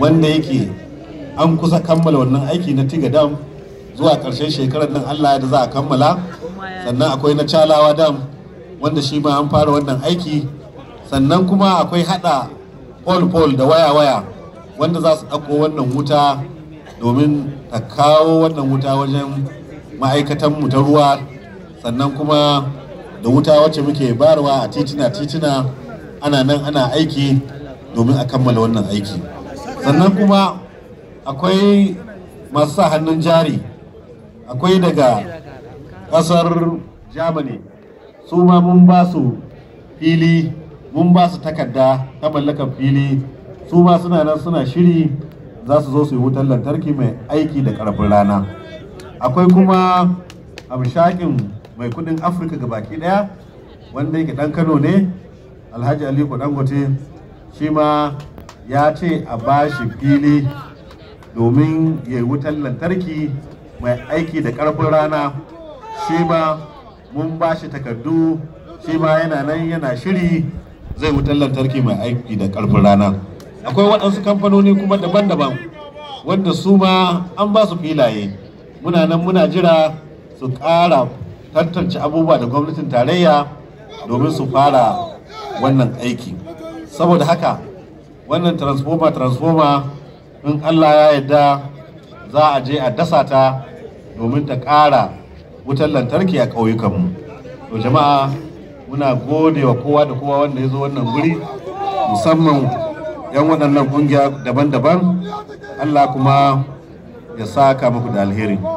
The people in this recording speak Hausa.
wanda yake an kusa kammala wannan aiki na tiga dam zuwa ƙarshen shekarar nan allah da za a kammala sannan akwai na calawa dam wanda shi ma an fara wannan aiki sannan kuma akwai hada pol-pol da waya-waya wanda za su ɗauko wannan wuta domin ta kawo wannan wuta wajen ma'aikatanmu ta ruwa sannan kuma da wuta wacce muke barwa a titina-titina ana nan ana aiki domin a kammala wannan aiki. sannan kuma akwai masu sa hannun jari akwai daga ƙasar Jamani su ma mun ba su fili mun ba su takarda ta mallakar fili su ma suna nan suna shiri za su zo su yi wutar lantarki mai aiki da ƙarfin rana akwai kuma shaƙin mai kudin afirka ga baki daya wanda yake dan kano ne alhaji aliko dangote shi ma ya ce a ba shi fili domin ya yi wutar lantarki mai aiki da ƙarfin rana shi ma mun ba shi takardu shi ma yana nan yana shiri zai wutar lantarki mai aiki da ƙarfin rana akwai waɗansu kamfanoni kuma daban-daban wanda su ma an ba su filaye muna nan muna jira su ƙara tattance abubuwa da gwamnatin tarayya domin su fara wannan aiki saboda haka wannan transformer transformer in allah ya yadda za a je a dasa ta domin ta ƙara wutar lantarki a ƙauyukanmu to jama'a muna gode wa kowa da kowa wanda ya zo wannan guri musamman 'yan waɗannan ƙungiya daban-daban allah kuma ya saka muku da alheri